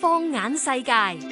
放眼世界。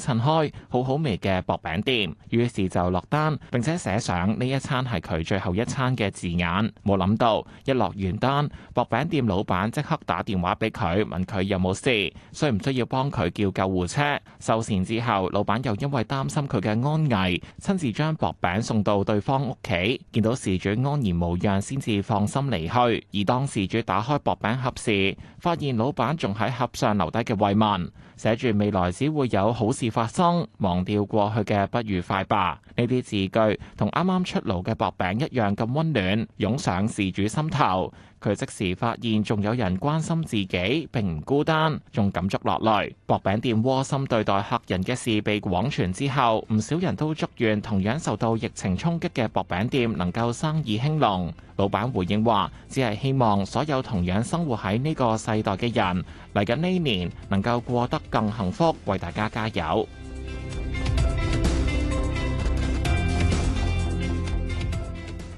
襯開好好味嘅薄餅店，於是就落單，並且寫上呢一餐係佢最後一餐嘅字眼。冇諗到一落完單，薄餅店老闆即刻打電話俾佢，問佢有冇事，需唔需要幫佢叫救護車。收線之後，老闆又因為擔心佢嘅安危，親自將薄餅送到對方屋企。見到事主安然無恙，先至放心離去。而當事主打開薄餅盒時，發現老闆仲喺盒上留低嘅慰問，寫住未來只會有好。事發生，忘掉過去嘅不愉快吧。呢啲字句同啱啱出爐嘅薄餅一樣咁溫暖，湧上事主心頭。佢即時發現仲有人關心自己，並唔孤單，仲感觸落來薄餅店窩心對待客人嘅事被廣傳之後，唔少人都祝願同樣受到疫情衝擊嘅薄餅店能夠生意興隆。老闆回應話，只係希望所有同樣生活喺呢個世代嘅人，嚟緊呢年能夠過得更幸福，為大家加油。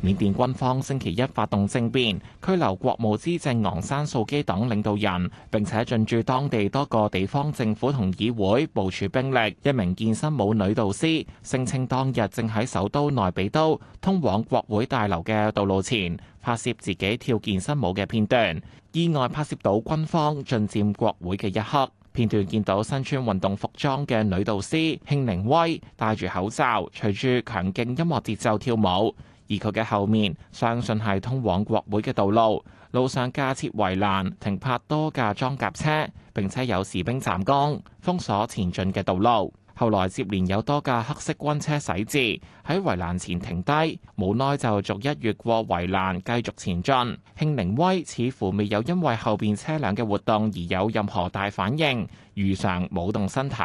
緬甸軍方星期一發動政變，拘留國務資政昂山素基等領導人，並且進駐當地多個地方政府同議會部署兵力。一名健身舞女導師聲稱，聲稱當日正喺首都內比都通往國會大樓嘅道路前拍攝自己跳健身舞嘅片段，意外拍攝到軍方進佔國會嘅一刻。片段見到身穿運動服裝嘅女導師慶寧威戴住口罩，隨住強勁音樂節奏跳舞。而佢嘅後面，相信係通往國會嘅道路，路上架設圍欄，停泊多架裝甲車，並且有士兵站崗，封鎖前進嘅道路。後來接連有多架黑色軍車駛至喺圍欄前停低，無耐就逐一越過圍欄繼續前進。慶寧威似乎未有因為後邊車輛嘅活動而有任何大反應。如常舞動身體。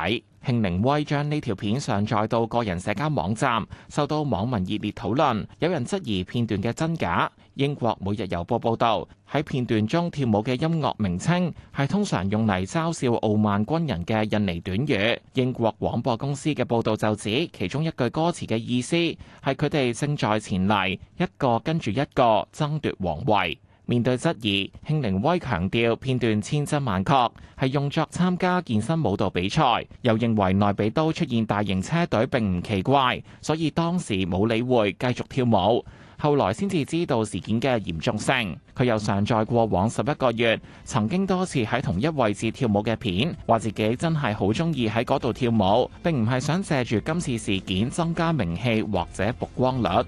慶明威將呢條片上載到個人社交網站，受到網民熱烈討論，有人質疑片段嘅真假。英國每日郵報報道，喺片段中跳舞嘅音樂名稱，係通常用嚟嘲笑傲慢軍人嘅印尼短語，英國廣播公司嘅報道就指，其中一句歌詞嘅意思係佢哋正在前嚟，一個跟住一個爭奪皇位。面對質疑，慶寧威強調片段千真萬確，係用作參加健身舞蹈比賽。又認為內比都出現大型車隊並唔奇怪，所以當時冇理會，繼續跳舞。後來先至知道事件嘅嚴重性。佢又上載過往十一個月曾經多次喺同一位置跳舞嘅片，話自己真係好鍾意喺嗰度跳舞，並唔係想借住今次事件增加名氣或者曝光率。